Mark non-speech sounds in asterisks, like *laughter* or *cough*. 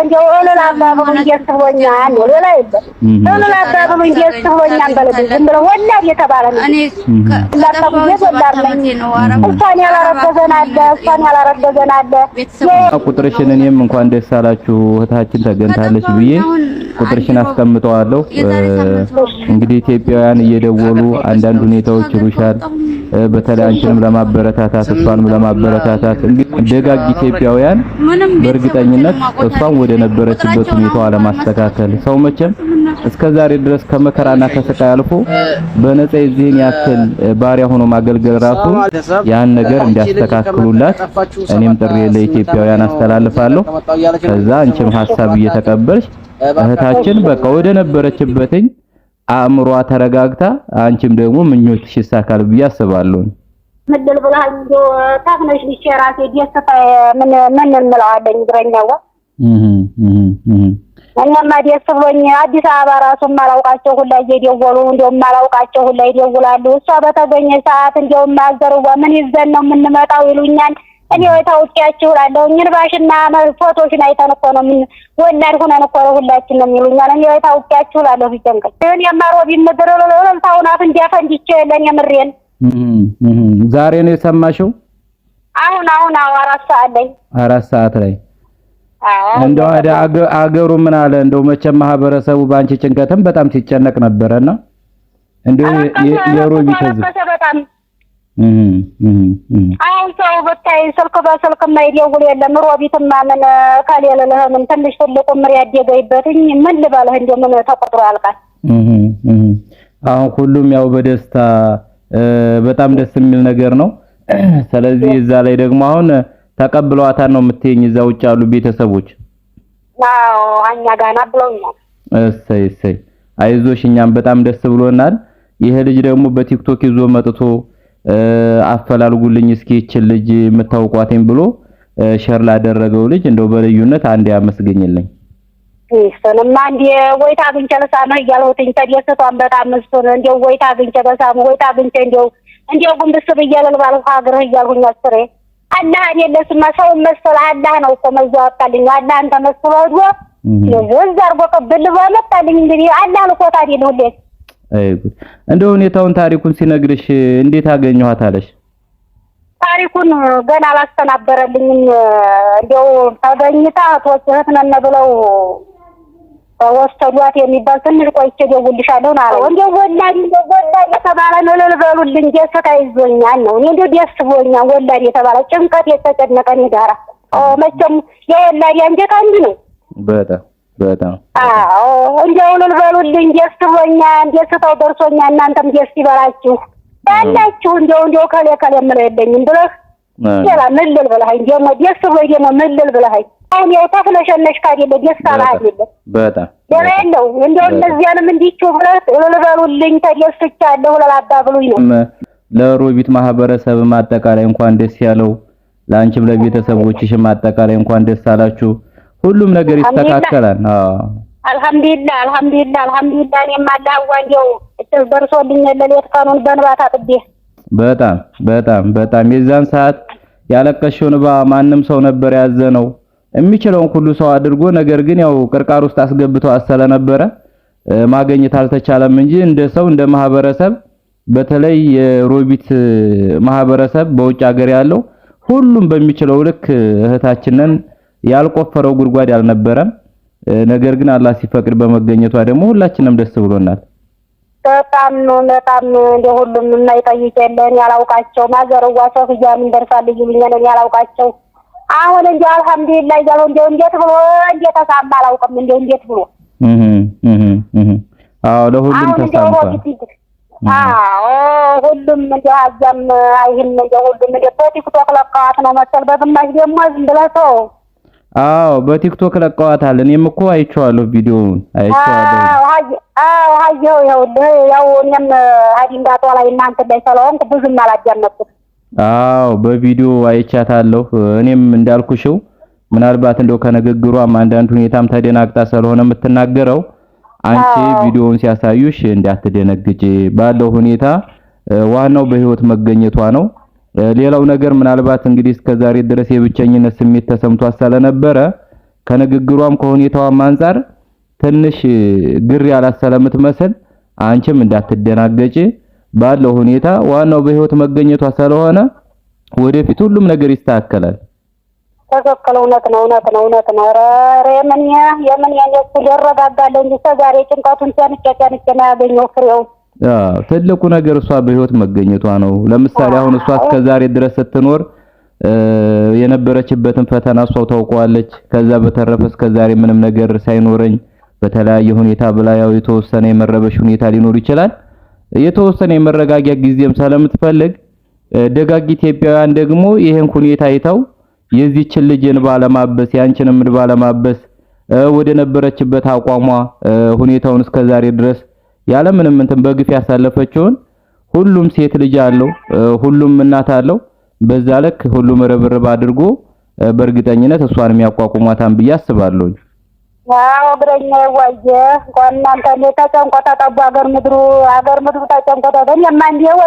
እንደው እልል አባ በሉኝ ደስ ብሎኛል። ቁጥርሽን እኔም እንኳን ደስ አላችሁ እህታችን ተገኝታለች ብዬ ቁጥርሽን አስቀምጠዋለሁ። እንግዲህ ኢትዮጵያውያን እየደወሉ አንዳንድ ሁኔታዎች ይሉሻል። በተለይ አንቺንም ለማበረታታት እሷንም ለማበረታታት ደጋግ ኢትዮጵያውያን በእርግጠኝነት እሷን ወደ ነበረችበት ሁኔታዋ ለማስተካከል ሰው መቼም እስከ ዛሬ ድረስ ከመከራና ከስቃይ አልፎ በነፃ የዚህን ያክል ባሪያ ሆኖ ማገልገል ራሱ ያን ነገር እንዲያስተካክሉላት እኔም ጥሪ ለኢትዮጵያውያን አስተላልፋለሁ። ከዛ አንቺም ሀሳብ እየተቀበልሽ እህታችን በቃ ወደ ነበረችበትኝ አእምሯ ተረጋግታ አንቺም ደግሞ ምኞትሽ ይሳካል ብዬ አስባለሁ። ምድል ብለሃል ታክነሽ ልሽ የራሴ ምን ምን እንለዋለን እግረኛዋ እኔማ ደስ ብሎኝ አዲስ አበባ ራሱ ማላውቃቸው ሁላ እየደወሉ እንደው የማላውቃቸው ሁላ ይደውላሉ። እሷ በተገኘ ሰዓት እንደው ማዘርዋ ምን ይዘን ነው የምንመጣው ይሉኛል። እኔ ታውቂያችሁ እላለሁ። እንባሽና ፎቶሽን አይተን እኮ ነው ምን ወላድ ሆነን እኮ ነው ሁላችን ነው የሚሉኛል። እኔ ታውቂያችሁ እላለሁ። ሲጀንቀል እኔ የማሮቢ ምድር ለምታውናት እንዲያፈንድቼ የለን የምሬን ዛሬ ነው የሰማሽው? አሁን አሁን አዎ አራት ሰዓት ላይ አራት ሰዓት ላይ እንደው አገሩ ምን አለ? እንደው መቼም ማህበረሰቡ በአንቺ ጭንቀትም በጣም ሲጨነቅ ነበረና እንደው የሮ ቢተዝ አሁን ሰው ብታይ ስልክ በስልክ የማይደውል የለም። ሮቢትማ ምን ከሌለልህ ምን ትንሽ ትልቁ ምር ያደገይበትኝ ምን ልበልህ እንደው ምን ተቆጥሮ ያልቃል። አሁን ሁሉም ያው በደስታ በጣም ደስ የሚል ነገር ነው። *clears throat* ስለዚህ እዛ ላይ ደግሞ አሁን ተቀብለዋታል ነው የምትይኝ? እዛ ውጭ ያሉ ቤተሰቦች? አዎ እኛ ጋና ብለውኛል። እሰይ እሰይ፣ አይዞሽ፣ እኛም በጣም ደስ ብሎናል። ይሄ ልጅ ደግሞ በቲክቶክ ይዞ መጥቶ አፈላልጉልኝ እስኪ ይችን ልጅ የምታውቋትኝ ብሎ ሸር ላደረገው ልጅ እንደው በልዩነት አንድ ያመስገኝልኝ። እሱንማ እንደ ወይታ አግኝቼ ልሳምህ እያልሁትኝ ተደስቷን በጣም እሱን እንደው ወይታ አግኝቼ ልሳምህ ወይታ አግኝቼ እንደው እንደው ጉንብስ ብዬ ልልባልህ ሀገርህ እያልሁኝ አስሬ አላህ የለስማ ሰው መሰል አላህ ነው እኮ መዛወጣልኝ አላህን ተመስሎ ወዶ ወንዝ አርጎ ቅብል ብሎ መጣልኝ። እንግዲህ አላህ ልኮት አይደል ሁሌ እንደ ሁኔታውን ታሪኩን ሲነግርሽ እንዴት አገኘኋት አለሽ? ታሪኩን ገና አላስተናበረልኝም። እንደው ተገኝታ ተወሰህት ነን ብለው ወስደዷት የሚባል ትንሽ ቆይቼ እደውልልሻለሁ ነው አለ። እንደው ወላድ እንደው ወላድ የተባለ ነው ልበሉልኝ፣ ደስታ ይዞኛል ነው እኔ እንደው ደስ ብሎኛል። ወላድ የተባለ ጭንቀት የተጨነቀ እኔ ጋራ መቼም የወላድ አንጀት አንድ ነው። በጣም በጣም አዎ፣ እንደው ልበሉልኝ፣ ደስ ብሎኛል፣ ደስታው ደርሶኛል። እናንተም ደስ ይበላችሁ ያላችሁ እንደው እንደው ከሌ ከሌ የምለው የለኝም ብለህ ሌላ ምን ልል ደግሞ ደስ ብሎኝ ደግሞ አሁን ያው ካደለ በጣም የለው እነዚያንም ብለት ተደስቻለሁ ለላባ ብሉኝ ነው። ለሮቢት አጠቃላይ እንኳን ደስ ያለው፣ ለአንቺም ለቤተሰቦችሽም አጠቃላይ እንኳን ደስ አላችሁ። ሁሉም ነገር ይስተካከላል። አልሐምዱሊላህ አልሐምዱሊላህ አልሐምዱሊላህ። እኔም አላህ እጥፍ ደርሶልኝ ለሌት ቀኑን በንባት አጥቤ በጣም በጣም በጣም የዛን ሰዓት ያለቀሽው እንባ ማንም ሰው ነበር ያዘነው የሚችለውን ሁሉ ሰው አድርጎ ነገር ግን ያው ቅርቃር ውስጥ አስገብቶ ስለነበረ ማገኘት አልተቻለም እንጂ እንደ ሰው እንደ ማህበረሰብ በተለይ የሮቢት ማህበረሰብ በውጭ ሀገር ያለው ሁሉም በሚችለው ልክ እህታችንን ያልቆፈረው ጉድጓድ አልነበረም። ነገር ግን አላህ ሲፈቅድ በመገኘቷ ደግሞ ሁላችንም ደስ ብሎናል። በጣም ነው በጣም ነው እንደ ሁሉም የማይጠይቅ የለን ያላውቃቸው ማዘረዋቸው ፍያም እንደርሳል ይሉኛል ያላውቃቸው አሁን እንደ አልሐምዱሊላህ እያለሁ እንደ እንዴት ብሎ እንደተሳማ አላውቅም እንደ እንዴት ብሎ አዎ ለሁሉም ተሳምቷል። አዎ ሁሉም እንደ አዛም አይህም እንደ ሁሉም እንደ ቲክቶክ ለቃዋት ነው መሰል በግማሽ ደግሞ ዝም ብለህ ተው አዎ በቲክቶክ ለቀዋታል። እኔም እኮ አይቼዋለሁ፣ ቪዲዮውን አይቼዋለሁ። አዎ አዎ ይኸውልህ ያው ያው እኔም ሀዲንጋቷ ላይ እናንተ ላይ ስለሆንኩ ብዙም አላዳመጥኩም። አዎ በቪዲዮ አይቻታለሁ። እኔም እንዳልኩሽው ምናልባት እንደው ከንግግሯም አንዳንድ ሁኔታም ተደናግጣ ስለሆነ የምትናገረው አንቺ ቪዲዮውን ሲያሳዩሽ እንዳትደነግጪ ባለው ሁኔታ ዋናው በህይወት መገኘቷ ነው። ሌላው ነገር ምናልባት እንግዲህ እስከ ዛሬ ድረስ የብቸኝነት ስሜት ተሰምቷት ስለነበረ ከንግግሯም ከሁኔታዋም አንፃር ትንሽ ግር ያላት ስለምትመስል አንቺም እንዳትደናገጪ ባለው ሁኔታ ዋናው በህይወት መገኘቷ ስለሆነ ወደፊት ሁሉም ነገር ይስተካከላል። ተሰከለ እውነት ነው፣ እውነት ነው፣ እውነት ነው። ኧረ የምን የምን የእሱ ሊረጋጋለሁ እንጂ እስከ ዛሬ ጭንቀቱን ሰንቄ ሰንቄ ነው ያገኘው ፍሬው ትልቁ ነገር እሷ በህይወት መገኘቷ ነው። ለምሳሌ አሁን እሷ እስከዛሬ ድረስ ስትኖር የነበረችበትን ፈተና እሷው ታውቀዋለች። ከዛ በተረፈ እስከዛሬ ምንም ነገር ሳይኖረኝ በተለያየ ሁኔታ ብላ ያው የተወሰነ የመረበሽ ሁኔታ ሊኖር ይችላል። የተወሰነ የመረጋጊያ ጊዜም ስለምትፈልግ ደጋግ ኢትዮጵያውያን ደግሞ ይሄን ሁኔታ አይተው የዚህችን ልጅ እንባ ለማበስ ያንቺንም እንባ ለማበስ ወደ ነበረችበት አቋሟ ሁኔታውን እስከዛሬ ድረስ ያለ ምንም እንትን በግፍ ያሳለፈችውን ሁሉም ሴት ልጅ አለው፣ ሁሉም እናት አለው። በዛ ልክ ሁሉም ርብርብ አድርጎ በእርግጠኝነት እሷን የሚያቋቁሟታን ብዬ አስባለሁ። ያው እግረኛ ይዋየ እንኳን እናንተ ተጨንቆ ተጠቡ አገር ምድሩ አገር ምድሩ ተጨንቆ ተደኝ የማንዲየ